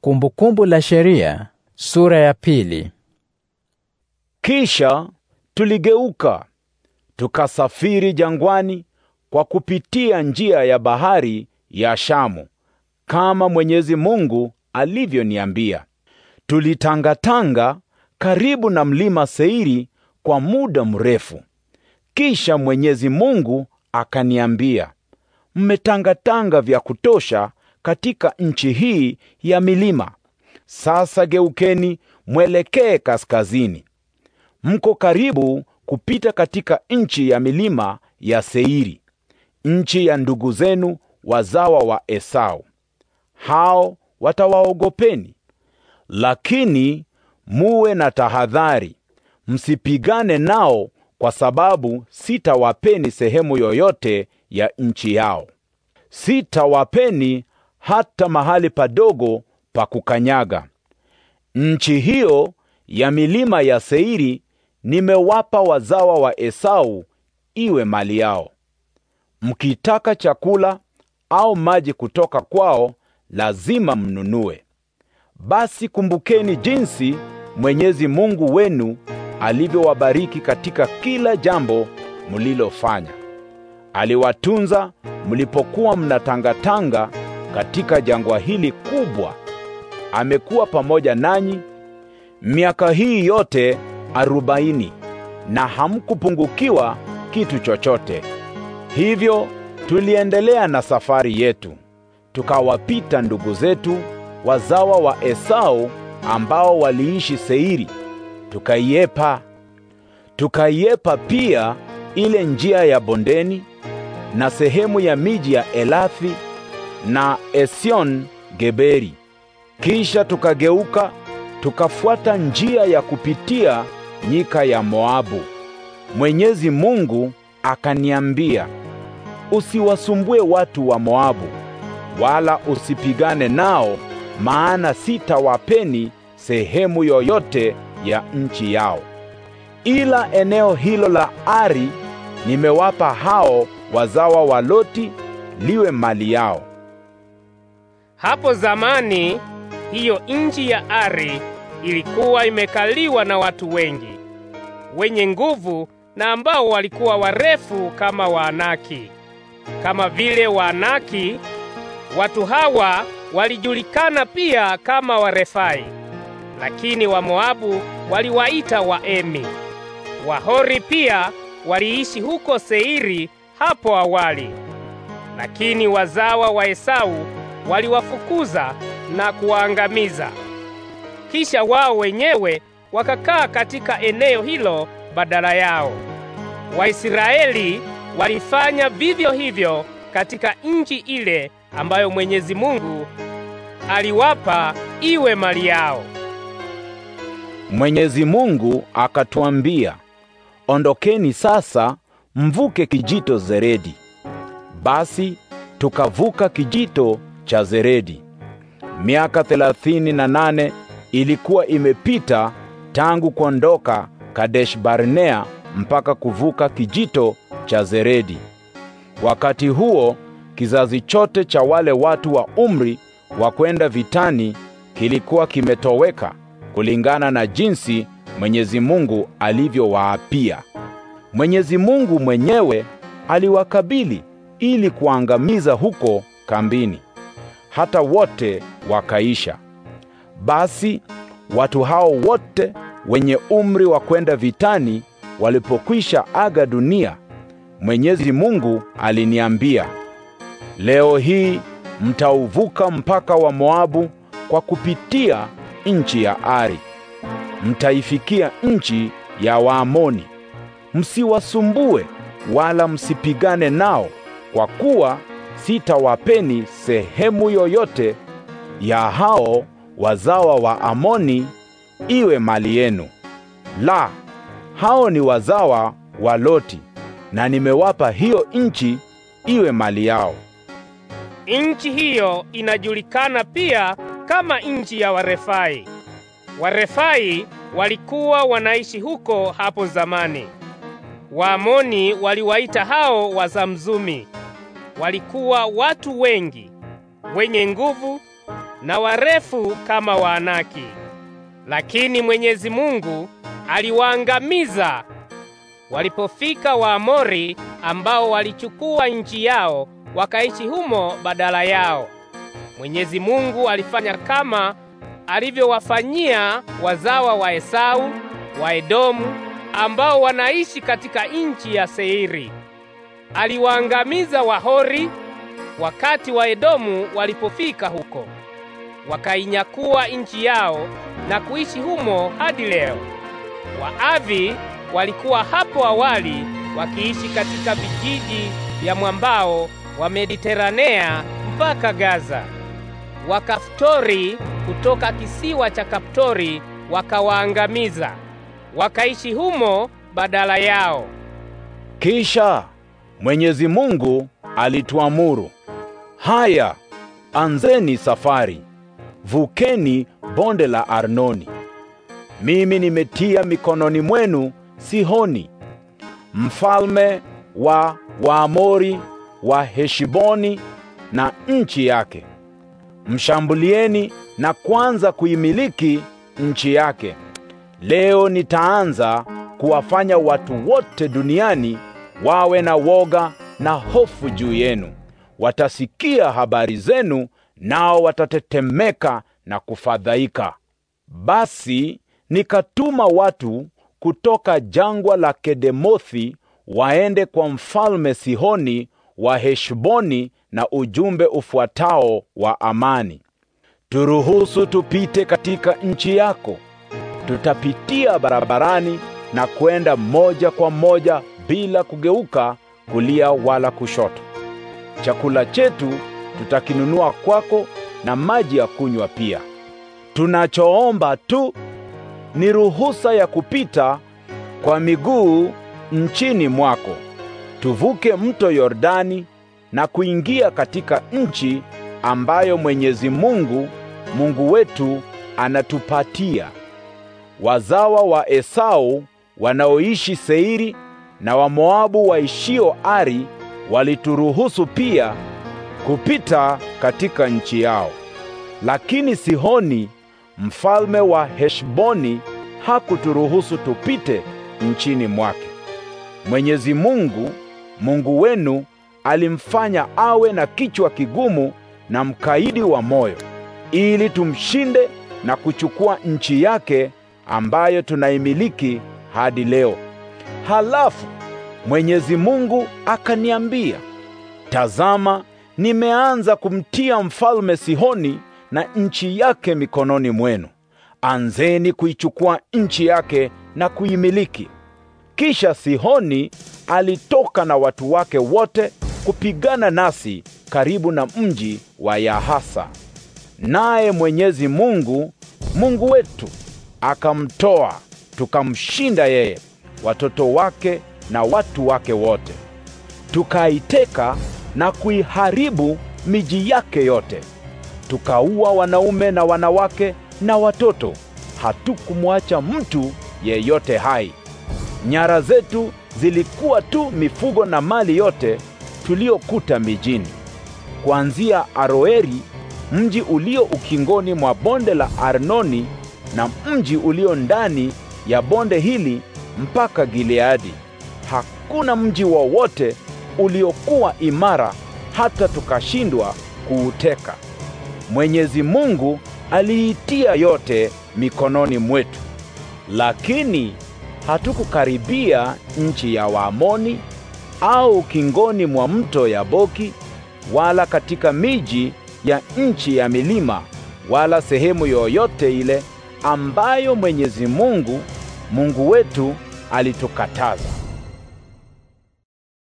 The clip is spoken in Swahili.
Kumbukumbu la Sheria sura ya pili. Kisha tuligeuka tukasafiri jangwani kwa kupitia njia ya bahari ya Shamu, kama Mwenyezi Mungu alivyoniambia. Tulitangatanga karibu na mlima Seiri kwa muda mrefu. Kisha Mwenyezi Mungu akaniambia, mmetangatanga vya kutosha katika nchi hii ya milima. Sasa geukeni mwelekee kaskazini. Mko karibu kupita katika nchi ya milima ya Seiri, nchi ya ndugu zenu wazawa wa Esau. Hao watawaogopeni, lakini muwe na tahadhari, msipigane nao, kwa sababu sitawapeni sehemu yoyote ya nchi yao. Sitawapeni hata mahali padogo pa kukanyaga. Nchi hiyo ya milima ya Seiri nimewapa wazawa wa Esau iwe mali yao. Mkitaka chakula au maji kutoka kwao, lazima mnunue. Basi kumbukeni jinsi Mwenyezi Mungu wenu alivyowabariki katika kila jambo mlilofanya. Aliwatunza mlipokuwa mnatangatanga katika jangwa hili kubwa amekuwa pamoja nanyi miaka hii yote arobaini na hamkupungukiwa kitu chochote. Hivyo tuliendelea na safari yetu, tukawapita ndugu zetu wazawa wa Esau ambao waliishi Seiri, tukaiepa tukaiepa pia ile njia ya bondeni na sehemu ya miji ya Elathi na Esion Geberi. Kisha tukageuka tukafuata njia ya kupitia nyika ya Moabu. Mwenyezi Mungu akaniambia, usiwasumbue watu wa Moabu wala usipigane nao, maana sitawapeni sehemu yoyote ya nchi yao, ila eneo hilo la Ari nimewapa hao wazawa wa Loti liwe mali yao. Hapo zamani hiyo nchi ya Ari ilikuwa imekaliwa na watu wengi wenye nguvu na ambao walikuwa warefu kama Waanaki. Kama vile Waanaki, watu hawa walijulikana pia kama Warefai, lakini Wamoabu waliwaita Waemi. Wahori pia waliishi huko Seiri hapo awali, lakini wazawa wa Esau waliwafukuza na kuwaangamiza. Kisha wao wenyewe wakakaa katika eneo hilo badala yao. Waisraeli walifanya vivyo hivyo katika nchi ile ambayo Mwenyezi Mungu aliwapa iwe mali yao. Mwenyezi Mungu akatuambia, ondokeni sasa mvuke kijito Zeredi. Basi tukavuka kijito cha Zeredi. Miaka thelathini na nane ilikuwa imepita tangu kuondoka Kadesh Barnea mpaka kuvuka kijito cha Zeredi. Wakati huo kizazi chote cha wale watu wa umri wa kwenda vitani kilikuwa kimetoweka kulingana na jinsi Mwenyezi Mungu alivyowaapia. Mwenyezi Mungu mwenyewe aliwakabili ili kuangamiza huko kambini hata wote wakaisha. Basi watu hao wote wenye umri wa kwenda vitani walipokwisha aga dunia, Mwenyezi Mungu aliniambia, leo hii mtauvuka mpaka wa Moabu kwa kupitia nchi ya Ari. Mtaifikia nchi ya Waamoni. Msiwasumbue wala msipigane nao, kwa kuwa sitawapeni sehemu yoyote ya hao wazawa wa Amoni iwe mali yenu. La, hao ni wazawa wa Loti, na nimewapa hiyo nchi iwe mali yao. Nchi hiyo inajulikana pia kama nchi ya Warefai. Warefai walikuwa wanaishi huko hapo zamani. Waamoni waliwaita hao Wazamzumi walikuwa watu wengi wenye nguvu na warefu kama Waanaki, lakini Mwenyezi Mungu aliwaangamiza walipofika Waamori ambao walichukua nchi yao wakaishi humo badala yao. Mwenyezi Mungu alifanya kama alivyowafanyia wazawa wa Esau wa Edomu ambao wanaishi katika nchi ya Seiri aliwaangamiza Wahori wakati wa Edomu walipofika huko, wakainyakuwa nchi yao na kuishi humo hadi leo. Waavi walikuwa hapo awali wakiishi katika vijiji vya mwambao wa Mediteranea mpaka Gaza. Wakaftori kutoka kisiwa cha Kaptori wakawaangamiza, wakaishi humo badala yao. Kisha Mwenyezi Mungu alituamuru, haya, anzeni safari, vukeni bonde la Arnoni. Mimi nimetia mikononi mwenu Sihoni, mfalme wa Waamori wa Heshiboni na nchi yake. Mshambulieni na kwanza kuimiliki nchi yake. Leo nitaanza kuwafanya watu wote duniani wawe na woga na hofu juu yenu. Watasikia habari zenu, nao watatetemeka na kufadhaika. Basi nikatuma watu kutoka jangwa la Kedemothi waende kwa mfalme Sihoni wa Heshboni na ujumbe ufuatao wa amani: turuhusu tupite katika nchi yako. Tutapitia barabarani na kwenda moja kwa moja bila kugeuka kulia wala kushoto. Chakula chetu tutakinunua kwako na maji ya kunywa pia. Tunachoomba tu ni ruhusa ya kupita kwa miguu nchini mwako, tuvuke mto Yordani na kuingia katika nchi ambayo Mwenyezi Mungu Mungu wetu anatupatia. Wazawa wa Esau wanaoishi Seiri na Wamoabu waishio Ari walituruhusu pia kupita katika nchi yao. Lakini Sihoni mfalme wa Heshboni hakuturuhusu tupite nchini mwake. Mwenyezi Mungu Mungu wenu alimfanya awe na kichwa kigumu na mkaidi wa moyo, ili tumshinde na kuchukua nchi yake ambayo tunaimiliki hadi leo. Halafu Mwenyezi Mungu akaniambia, tazama, nimeanza kumtia mfalme Sihoni na nchi yake mikononi mwenu. Anzeni kuichukua nchi yake na kuimiliki. Kisha Sihoni alitoka na watu wake wote kupigana nasi karibu na mji wa Yahasa. Naye Mwenyezi Mungu, Mungu wetu, akamtoa tukamshinda yeye watoto wake na watu wake wote. Tukaiteka na kuiharibu miji yake yote, tukaua wanaume na wanawake na watoto, hatukumwacha mtu yeyote hai. Nyara zetu zilikuwa tu mifugo na mali yote tuliyokuta mijini, kuanzia Aroeri, mji ulio ukingoni mwa bonde la Arnoni, na mji ulio ndani ya bonde hili mpaka Gileadi. Hakuna mji wowote uliokuwa imara hata tukashindwa kuuteka. Mwenyezi Mungu aliitia yote mikononi mwetu, lakini hatukukaribia nchi ya Waamoni au kingoni mwa mto boki wala katika miji ya nchi ya milima wala sehemu yoyote ile ambayo Mwenyezi Mungu Mungu wetu alitukataza.